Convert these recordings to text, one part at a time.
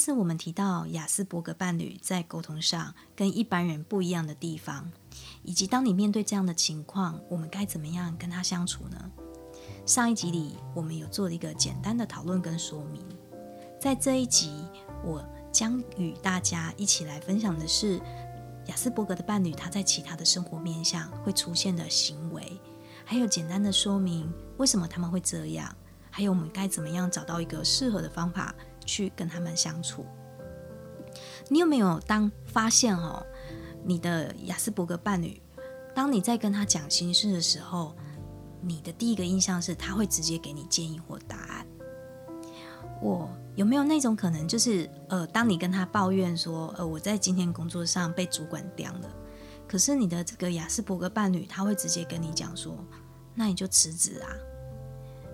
上次我們提到亞斯伯格伴侶在溝通上跟一般人不一樣的地方，以及當你面對這樣的情況，我們該怎麼樣跟他相處呢？上一集裡我們有做了一個簡單的討論跟說明，在這一集我將與大家一起來分享的是亞斯伯格的伴侶他在其他的生活面向會出現的行為，還有簡單的說明為什麼他們會這樣，還有我們該怎麼樣找到一個適合的方法。去跟他們相處，你有沒有當發現哦？你的亞斯伯格伴侶，當你在跟他講心事的時候，你的第一個印象是他會直接給你建議或答案。我有沒有那種可能，就是呃，當你跟他抱怨說，呃，我在今天工作上被主管刁了，可是你的這個亞斯伯格伴侶，他會直接跟你講說，那你就辭職啊？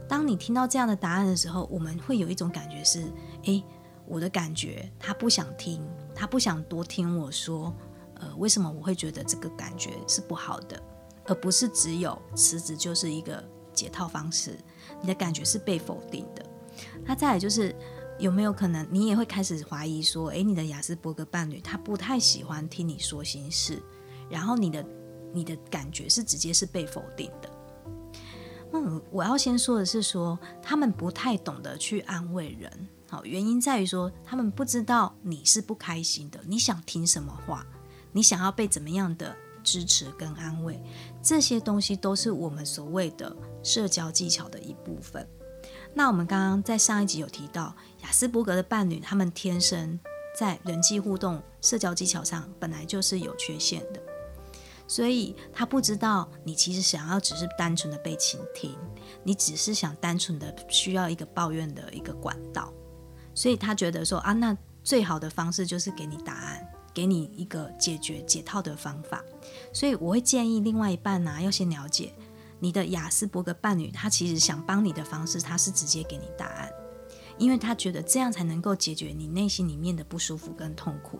當你聽到這樣的答案的時候，我們會有一種感覺是：誒，我的感覺他不想聽，他不想多聽我說。呃，為什麼我會覺得這個感覺是不好的？而不是只有辭職就是一個解套方式，你的感覺是被否定的。那再來就是，有沒有可能你也會開始懷疑說：誒，你的亞斯伯格伴侶他不太喜歡聽你說心事，然後你的你的感覺是直接是被否定的。嗯，我要先說的是說，說他們不太懂得去安慰人，好，原因在於說他們不知道你是不開心的，你想聽什麼話，你想要被怎麼樣的支持跟安慰，這些東西都是我們所謂的社交技巧的一部分。那我們剛剛在上一集有提到，亞斯伯格的伴侶，他們天生在人際互動、社交技巧上本來就是有缺陷的。所以他不知道你其實想要只是單純的被傾聽，你只是想單純的需要一個抱怨的一個管道，所以他覺得說啊，那最好的方式就是給你答案，給你一個解決解套的方法。所以我會建議另外一半呢、啊，要先了解你的亞斯伯格伴侶，他其實想幫你的方式，他是直接給你答案，因為他覺得這樣才能夠解決你內心裡面的不舒服跟痛苦。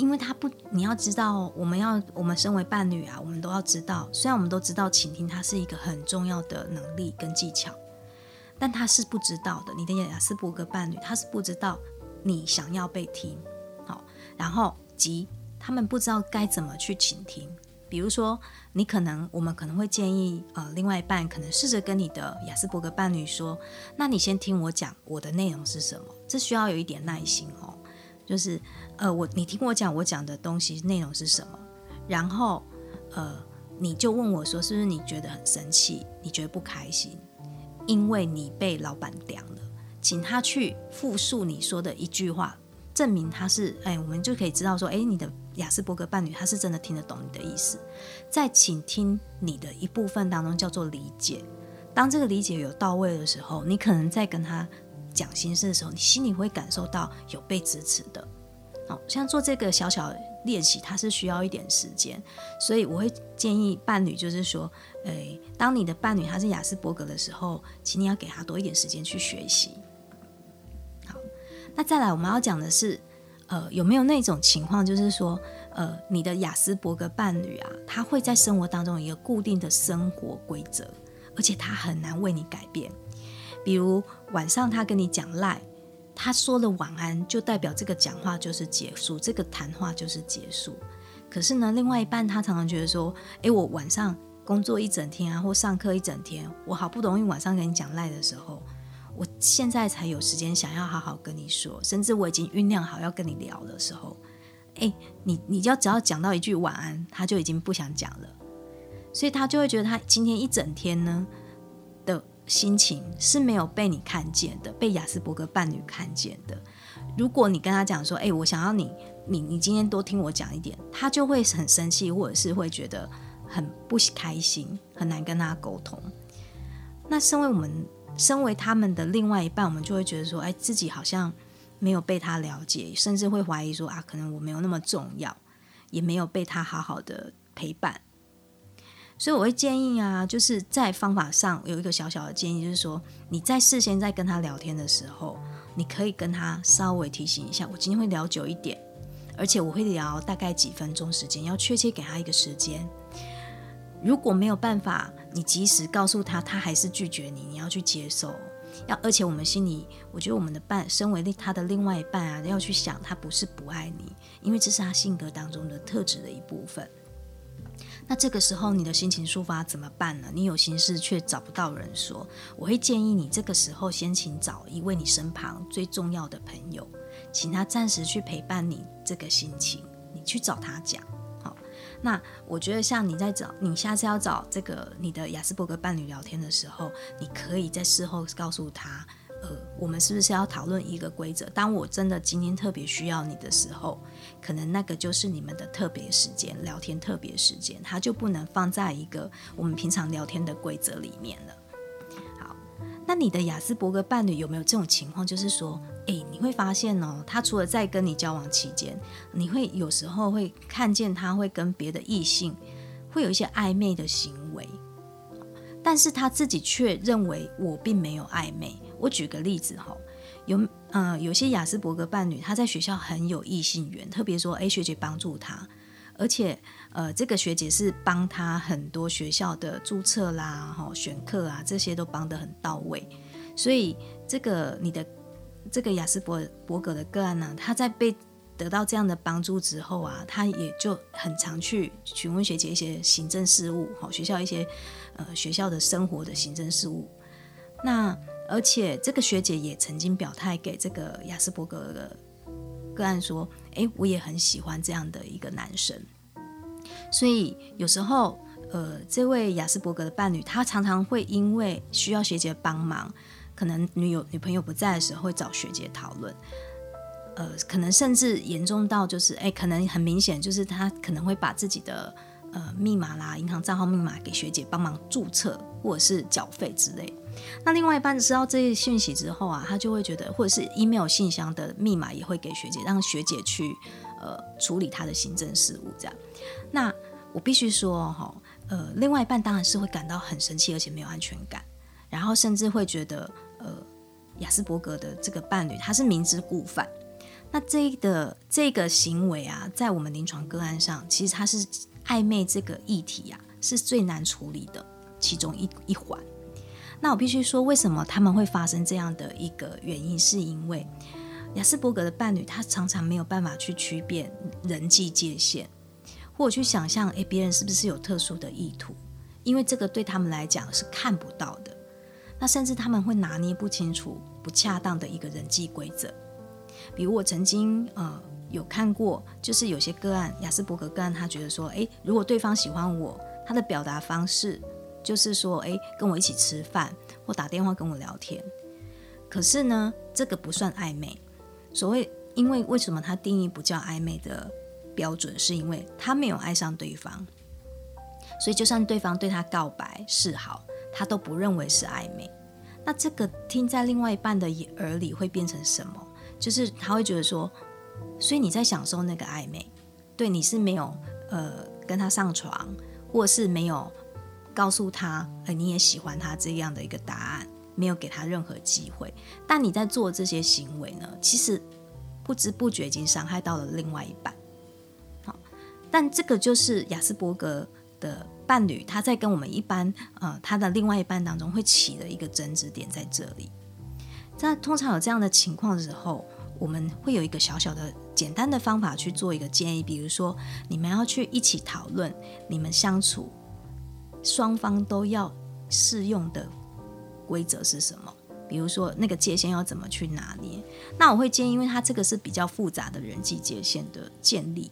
因為他不，你要知道，我們要我們身為伴侶啊，我們都要知道。雖然我們都知道傾聽它是一個很重要的能力跟技巧，但他是不知道的。你的亞斯伯格伴侶他是不知道你想要被聽，好，然後即他們不知道該怎麼去傾聽。比如說，你可能我們可能會建議呃，另外一半可能試着跟你的亞斯伯格伴侶說：“那你先聽我講，我的內容是什麼？”這需要有一點耐心哦，就是。呃，我你聽我講，我講的東西內容是什麼？然後，呃，你就問我說，是不是你覺得很生氣？你覺得不開心？因為你被老板屌了，請他去復述你說的一句話，證明他是哎，我們就可以知道說，哎，你的亞斯伯格伴侶他是真的聽得懂你的意思。在傾聽你的一部分當中，叫做理解。當這個理解有到位的時候，你可能在跟他講心事的時候，你心裡會感受到有被支持的。像做這個小小練習，它是需要一點時間，所以我會建議伴侶，就是說，誒、欸，當你的伴侶他是亞斯伯格的時候，請你要給他多一點時間去學習。好，那再來我們要講的是，呃，有沒有那種情況，就是說，呃，你的亞斯伯格伴侶啊，他會在生活當中有一個固定的生活規則，而且他很難為你改變，比如晚上他跟你講賴。他說了晚安，就代表這個講話就是結束，這個談話就是結束。可是呢，另外一半他常常覺得說，哎、欸，我晚上工作一整天啊，或上課一整天，我好不容易晚上跟你講賴的時候，我現在才有時間想要好好跟你說，甚至我已經醞釀好要跟你聊的時候，哎、欸，你你要只要講到一句晚安，他就已經不想講了，所以他就會覺得他今天一整天呢。心情是沒有被你看見的，被亞斯伯格伴侶看見的。如果你跟他講說：“哎、欸，我想要你，你，你今天多聽我講一點。”他就會很生氣，或者是會覺得很不開心，很難跟他溝通。那身為我們，身為他們的另外一半，我們就會覺得說：“哎、欸，自己好像沒有被他了解，甚至會懷疑說：啊，可能我沒有那麼重要，也沒有被他好好的陪伴。”所以我會建議啊，就是在方法上有一個小小的建議，就是說，你在事先在跟他聊天的時候，你可以跟他稍微提醒一下，我今天會聊久一點，而且我會聊大概幾分鐘時間，要確切給他一個時間。如果沒有辦法，你及時告訴他，他還是拒絕你，你要去接受。要而且我們心裡，我覺得我們的伴身為他的另外一半啊，要去想他不是不愛你，因為這是他性格當中的特質的一部分。那這個時候你的心情抒發怎麼辦呢？你有心事卻找不到人說，我會建議你這個時候先請找一位你身旁最重要的朋友，請他暫時去陪伴你這個心情，你去找他講。好、哦，那我覺得像你在找你下次要找這個你的亞斯伯格伴侶聊天的時候，你可以在事後告訴他。呃，我們是不是要討論一個規則？當我真的今天特別需要你的時候，可能那個就是你們的特別時間，聊天特別時間，他就不能放在一個我們平常聊天的規則裡面了。好，那你的亞斯伯格伴侶有沒有這種情況？就是說，哎，你會發現哦，他除了在跟你交往期間，你會有時候會看見他會跟別的異性會有一些曖昧的行為，但是他自己卻認為我並沒有曖昧。我舉個例子哈，有嗯、呃、有些亞斯伯格伴侶，他在學校很有異性緣，特別說誒學姐幫助他，而且呃這個學姐是幫他很多學校的註冊啦，哦、選課啊這些都幫得很到位，所以這個你的這個亞斯伯伯格的個案呢、啊，他在被得到這樣的幫助之後啊，他也就很常去詢問學姐一些行政事務，哈學校一些呃學校的生活的行政事務，那。而且這個學姐也曾經表態給這個亞斯伯格的個案說：“哎，我也很喜歡這樣的一個男生。”所以有時候，呃，這位亞斯伯格的伴侶他常常會因為需要學姐幫忙，可能女友女朋友不在的時候會找學姐討論。呃，可能甚至嚴重到就是，哎，可能很明顯就是他可能會把自己的。呃，密碼啦，銀行賬號密碼給學姐幫忙註冊，或者是繳費之類。那另外一半知道這些訊息之後啊，他就會覺得，或者是 email 信箱的密碼也會給學姐，讓學姐去呃處理他的行政事務。這樣，那我必須說哈，呃，另外一半當然是會感到很生氣，而且沒有安全感，然後甚至會覺得，呃，亞斯伯格的這個伴侶他是明知故犯。那這個這個行為啊，在我們臨床個案上，其實他是。曖昧這個議題呀、啊，是最難處理的其中一一環。那我必須說，為什麼他們會發生這樣的一個原因，是因為亞斯伯格的伴侶他常常沒有辦法去區別人際界限，或者去想象，誒，別人是不是有特殊的意圖？因為這個對他們來講是看不到的。那甚至他們會拿捏不清楚不恰當的一個人際規則。比如我曾經啊。呃有看過，就是有些個案，亞斯伯格個案，他覺得說，誒、欸，如果對方喜歡我，他的表達方式就是說，誒、欸，跟我一起吃飯或打電話跟我聊天。可是呢，這個不算曖昧。所謂，因為為什麼他定義不叫曖昧的標準，是因為他沒有愛上對方。所以，就算對方對他告白示好，他都不認為是曖昧。那這個聽在另外一半的耳裡會變成什麼？就是他會覺得說。所以你在享受那個曖昧，對你是沒有呃跟他上床，或是沒有告訴他，呃你也喜歡他這樣的一個答案，沒有給他任何機會。但你在做這些行為呢，其實不知不覺已經傷害到了另外一半。好，但這個就是亞斯伯格的伴侶，他在跟我們一般呃他的另外一半當中會起的一個爭執點在這裡。那通常有這樣的情況的時候，我們會有一個小小的、簡單的方法去做一個建議，比如說你們要去一起討論你們相處雙方都要適用的規則是什麼？比如說那個界限要怎麼去拿捏。那我會建議，因為它這個是比較複雜的人際界限的建立，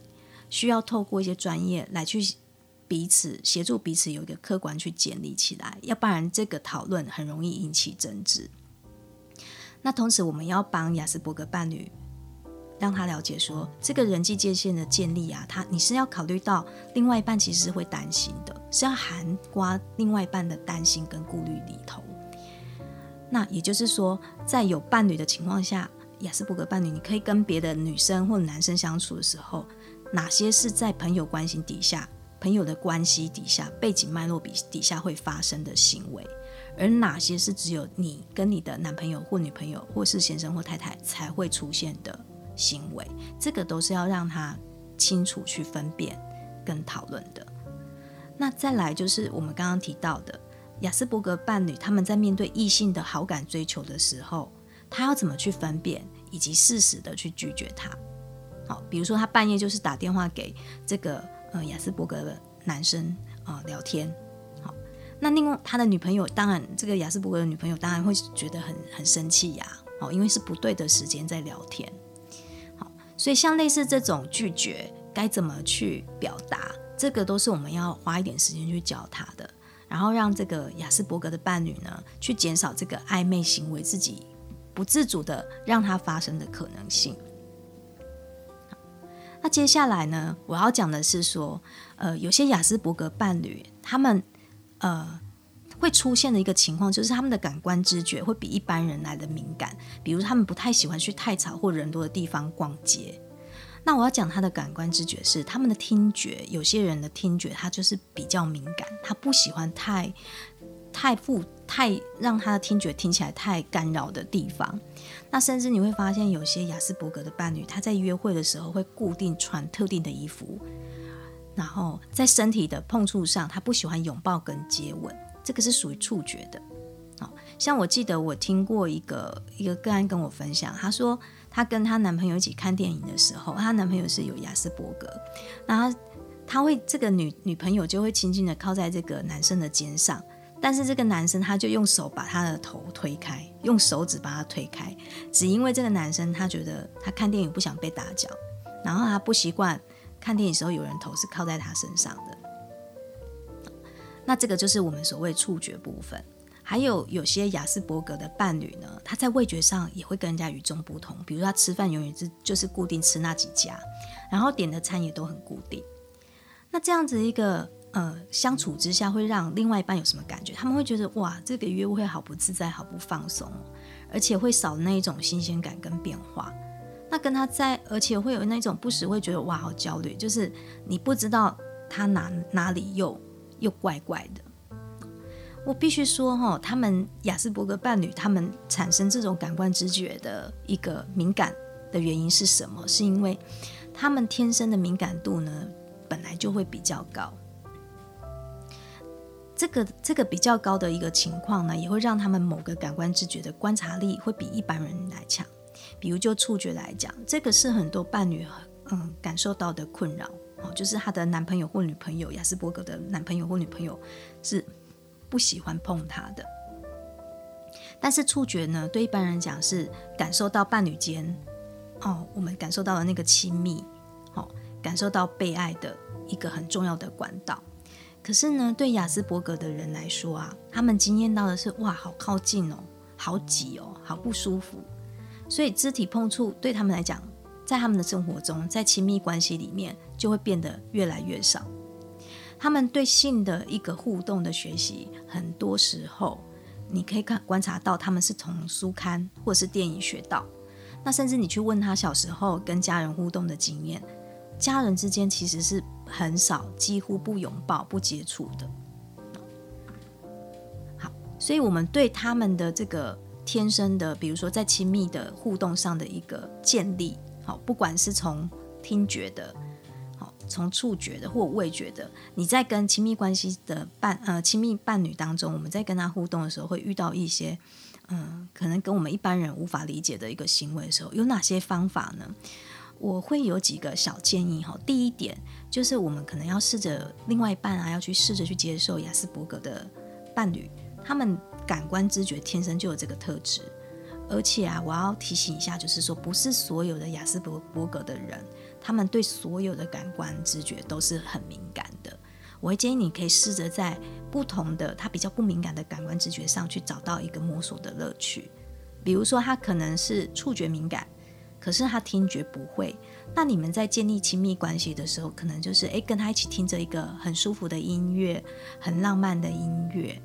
需要透過一些專業來去彼此協助彼此有一個客觀去建立起來，要不然這個討論很容易引起爭執。那同時，我們要幫亞斯伯格伴侶，讓他了解說，這個人際界限的建立啊，他你是要考慮到另外一半其實是會擔心的，是要含括另外一半的擔心跟顧慮裡頭。那也就是說，在有伴侶的情況下，亞斯伯格伴侶，你可以跟別的女生或男生相處的時候，哪些是在朋友關係底下、朋友的關係底下、背景脈絡底底下會發生的行為？而哪些是只有你跟你的男朋友或女朋友，或是先生或太太才會出現的行為，這個都是要讓他清楚去分辨跟討論的。那再來就是我們剛剛提到的亞斯伯格伴侶，他們在面對異性的好感追求的時候，他要怎麼去分辨以及適時的去拒絕他？好，比如說他半夜就是打電話給這個呃亞斯伯格的男生啊、呃、聊天。那另外，他的女朋友當然，這個亞斯伯格的女朋友當然會覺得很很生氣呀，哦，因為是不對的時間在聊天。好，所以像類似這種拒絕該怎麼去表達，這個都是我們要花一點時間去教他的，然後讓這個亞斯伯格的伴侶呢，去減少這個曖昧行為自己不自主的讓他發生的可能性。好，那接下來呢，我要講的是說，呃，有些亞斯伯格伴侶他們。呃，會出現的一個情況就是他們的感官知覺會比一般人來的敏感。比如他們不太喜歡去太吵或人多的地方逛街。那我要講他的感官知覺是他們的聽覺，有些人的聽覺他就是比較敏感，他不喜歡太太複太讓他的聽覺聽起來太干擾的地方。那甚至你會發現，有些亞斯伯格的伴侶他在約會的時候會固定穿特定的衣服。然後在身體的碰觸上，他不喜歡擁抱跟接吻，這個是屬於觸覺的。好像我記得我聽過一個一個個案跟我分享，她說她跟她男朋友一起看電影的時候，她男朋友是有亞斯伯格，那他，他會這個女女朋友就會輕輕的靠在這個男生的肩上，但是這個男生他就用手把她的頭推開，用手指把她推開，只因為這個男生他覺得他看電影不想被打攪，然後他不習慣。看電影時候有人頭是靠在他身上的。那這個就是我們所謂觸覺部分。還有有些亞斯伯格的伴侶呢，他在味覺上也會跟人家與眾不同。比如他吃飯永遠是就是固定吃那幾家，然後點的餐也都很固定。那這樣子一個呃相處之下，會讓另外一半有什麼感覺？他們會覺得哇，這個約會好不自在，好不放鬆，而且會少那一種新鮮感跟變化。那跟他在，而且會有那種不時會覺得哇，好焦慮，就是你不知道他哪哪裡又又怪怪的。我必須說哈，他們亞斯伯格伴侶，他們產生這種感官直覺的一個敏感的原因是什麼？是因為他們天生的敏感度呢，本來就會比較高。這個這個比較高的一個情況呢，也會讓他們某個感官直覺的觀察力會比一般人來強。比如就觸覺來講，這個是很多伴侶嗯感受到的困擾，哦，就是他的男朋友或女朋友，亞斯伯格的男朋友或女朋友是不喜歡碰他的。但是觸覺呢，對一般人講是感受到伴侶間哦，我們感受到的那個親密，哦，感受到被愛的一個很重要的管道。可是呢，對亞斯伯格的人來說啊，他們經驗到的是哇，好靠近哦，好擠哦，好不舒服。所以肢體碰觸對他們來講，在他們的生活中，在親密關係裡面就會變得越來越少。他們對性的一個互動的學習，很多時候你可以看觀察到，他們是從書刊或是電影學到。那甚至你去問他小時候跟家人互動的經驗，家人之間其實是很少，幾乎不擁抱、不接觸的。好，所以我們對他們的這個。天生的，比如說在親密的互動上的一個建立，好，不管是從聽覺的，好，從觸覺的或味覺的，你在跟親密關係的伴呃親密伴侶當中，我們在跟他互動的時候，會遇到一些嗯，可能跟我們一般人無法理解的一個行為的時候，有哪些方法呢？我會有幾個小建議哈。第一點就是我們可能要試着另外一半啊，要去試着去接受亞斯伯格的伴侶，他們。感官知覺天生就有這個特質，而且啊，我要提醒一下，就是說，不是所有的亞斯伯格的人，他們對所有的感官知覺都是很敏感的。我會建議你可以試着在不同的他比較不敏感的感官知覺上去找到一個摸索的樂趣，比如說他可能是觸覺敏感，可是他聽覺不會。那你們在建立親密關係的時候，可能就是誒，跟他一起聽着一個很舒服的音樂，很浪漫的音樂。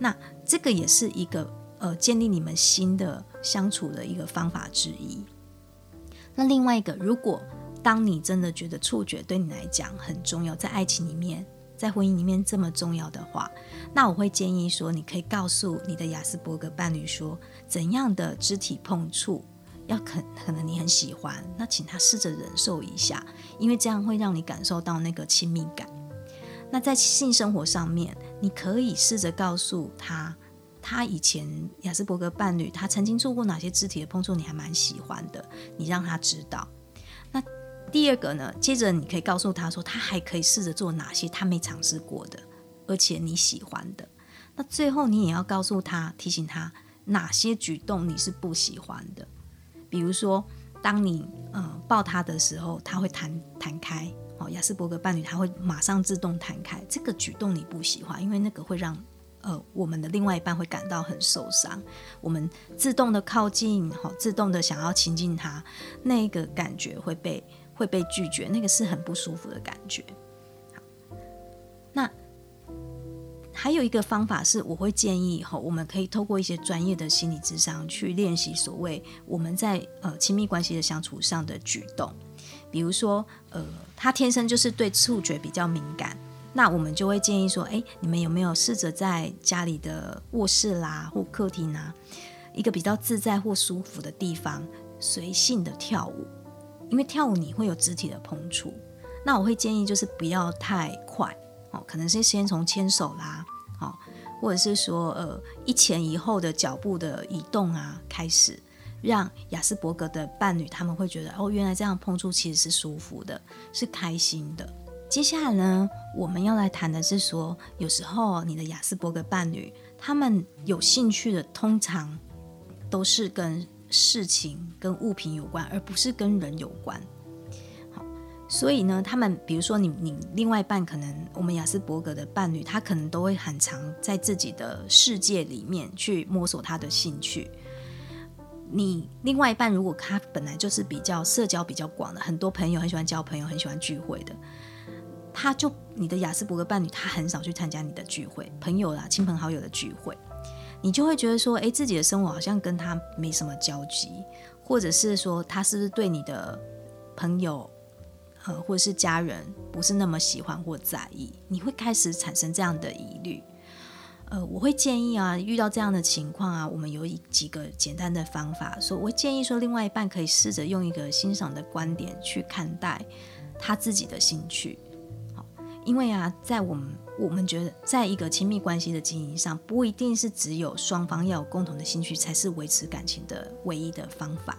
那這個也是一個呃，建立你們新的相處的一個方法之一。那另外一個，如果當你真的覺得觸覺對你來講很重要，在愛情裡面，在婚姻裡面這麼重要的話，那我會建議說，你可以告訴你的亞斯伯格伴侶說，怎樣的肢體碰觸要可可能你很喜歡，那請他試着忍受一下，因為這樣會讓你感受到那個親密感。那在性生活上面，你可以試着告訴他，他以前亞斯伯格伴侶他曾經做過哪些肢體的碰觸，你還蠻喜歡的，你讓他知道。那第二個呢，接着你可以告訴他說，他還可以試着做哪些他沒嘗試過的，而且你喜歡的。那最後你也要告訴他，提醒他哪些舉動你是不喜歡的，比如說，當你嗯抱他的時候，他會彈彈開。哦，亞斯伯格伴侶他會馬上自動彈開，這個舉動你不喜歡，因為那個會讓呃我們的另外一半會感到很受傷。我們自動的靠近，好，哦，自動的想要親近他，那個感覺會被會被拒絕，那個是很不舒服的感覺。好，那還有一個方法是，我會建議哈，哦，我們可以透過一些專業的心理諮商，去練習所謂我們在呃親密關係的相處上的舉動。比如說，呃，他天生就是對觸覺比較敏感，那我們就會建議說，哎、欸，你們有沒有試着在家裡的臥室啦，或客廳啊，一個比較自在或舒服的地方，隨性的跳舞，因為跳舞你會有肢體的碰觸，那我會建議就是不要太快哦，可能是先從牽手啦，哦，或者是說，呃，一前一後的腳步的移動啊，開始。讓亞斯伯格的伴侶，他們會覺得哦，原來這樣碰觸其實是舒服的，是開心的。接下來呢，我們要來談的是說，有時候你的亞斯伯格伴侶，他們有興趣的通常都是跟事情、跟物品有關，而不是跟人有關。好，所以呢，他們比如說你你另外一半可能，我們亞斯伯格的伴侶，他可能都會很常在自己的世界裡面去摸索他的興趣。你另外一半如果他本來就是比較社交比較廣的，很多朋友很喜歡交朋友，很喜歡聚會的，他就你的亞斯伯格伴侶，他很少去參加你的聚會，朋友啦、親朋好友的聚會，你就會覺得說，誒、欸，自己的生活好像跟他沒什麼交集，或者是說他是不是對你的朋友，呃，或者是家人不是那麼喜歡或在意，你會開始產生這樣的疑慮。呃，我會建議啊，遇到這樣的情況啊，我們有幾個簡單的方法。說，我建議說，另外一半可以試着用一個欣賞的觀點去看待他自己的興趣。好，因為啊，在我們我們覺得，在一個親密關係的經營上，不一定是只有雙方要有共同的興趣才是維持感情的唯一的方法。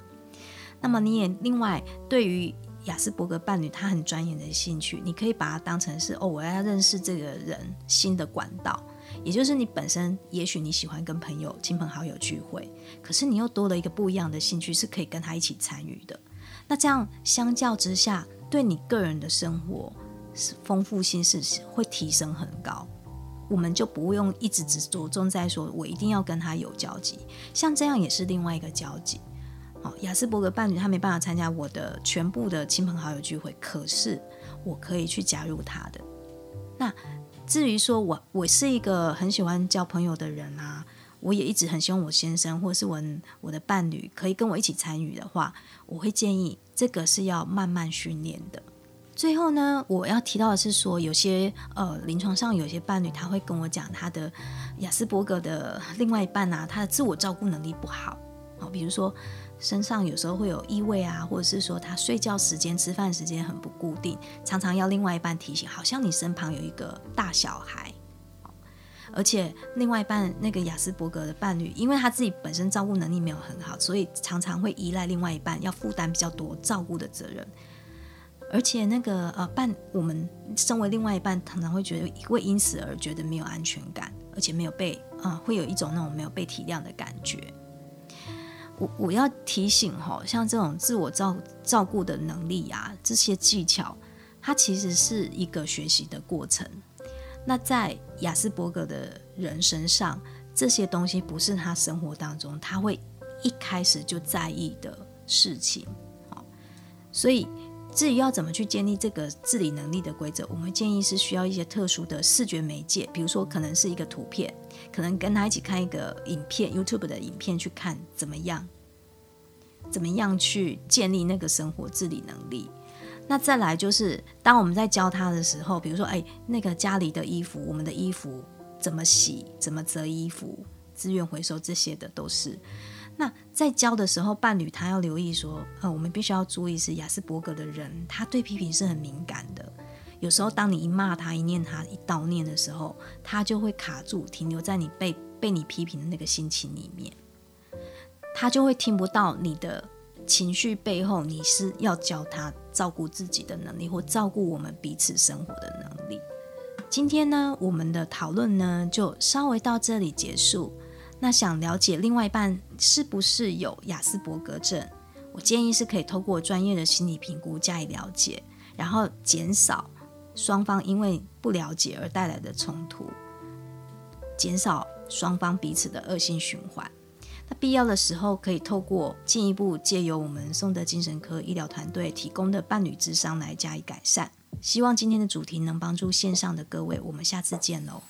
那麼，你也另外對於亞斯伯格伴侶他很專業的興趣，你可以把它當成是哦，我要認識這個人新的管道。也就是你本身，也許你喜歡跟朋友、親朋好友聚會，可是你又多了一個不一樣的興趣，是可以跟他一起參與的。那這樣相較之下，對你個人的生活是豐富性是會提升很高。我們就不用一直只着重在說，我一定要跟他有交集。像這樣也是另外一個交集。哦，亞斯伯格伴侶他沒辦法參加我的全部的親朋好友聚會，可是我可以去加入他的。那。至於說我，我我是一個很喜歡交朋友的人啊，我也一直很希望我先生或是我我的伴侶可以跟我一起參與的話，我會建議這個是要慢慢訓練的。最後呢，我要提到的是說，有些呃臨床上有些伴侶他會跟我講他的亞斯伯格的另外一半啊，他的自我照顧能力不好啊，比如說。身上有時候會有異味啊，或者是說他睡覺時間、吃飯時間很不固定，常常要另外一半提醒。好像你身旁有一個大小孩，而且另外一半那個亞斯伯格的伴侶，因為他自己本身照顧能力沒有很好，所以常常會依賴另外一半，要負擔比較多照顧的責任。而且那個呃伴，我們身為另外一半，常常會覺得會因此而覺得沒有安全感，而且沒有被啊、呃，會有一種那種沒有被體諒的感覺。我我要提醒哈，像這種自我照照顧的能力啊，這些技巧，它其實是一個學習的過程。那在亞斯伯格的人身上，這些東西不是他生活當中他會一開始就在意的事情，好，所以。至於要怎麼去建立這個自理能力的規則，我們建議是需要一些特殊的視覺媒介，比如說可能是一個圖片，可能跟他一起看一個影片，YouTube 的影片去看怎麼樣，怎麼樣去建立那個生活自理能力。那再來就是，當我們在教他的時候，比如說哎，那個家裡的衣服，我們的衣服怎麼洗，怎麼折衣服，資源回收這些的都是。那在教的時候，伴侶他要留意說，呃、嗯，我們必須要注意是亞斯伯格的人，他對批評是很敏感的。有時候，當你一罵他、一念他、一叨念的時候，他就會卡住，停留在你被被你批評的那個心情裡面，他就會聽不到你的情緒背後，你是要教他照顧自己的能力，或照顧我們彼此生活的能力。今天呢，我們的討論呢，就稍微到這裡結束。那想了解另外一半是不是有亞斯伯格症，我建議是可以透過專業的心理評估加以了解，然後減少雙方因為不了解而帶來的衝突，減少雙方彼此的惡性循環。那必要的時候可以透過進一步借由我們松德精神科醫療團隊提供的伴侶諮商來加以改善。希望今天的主題能幫助線上的各位，我們下次見嘍。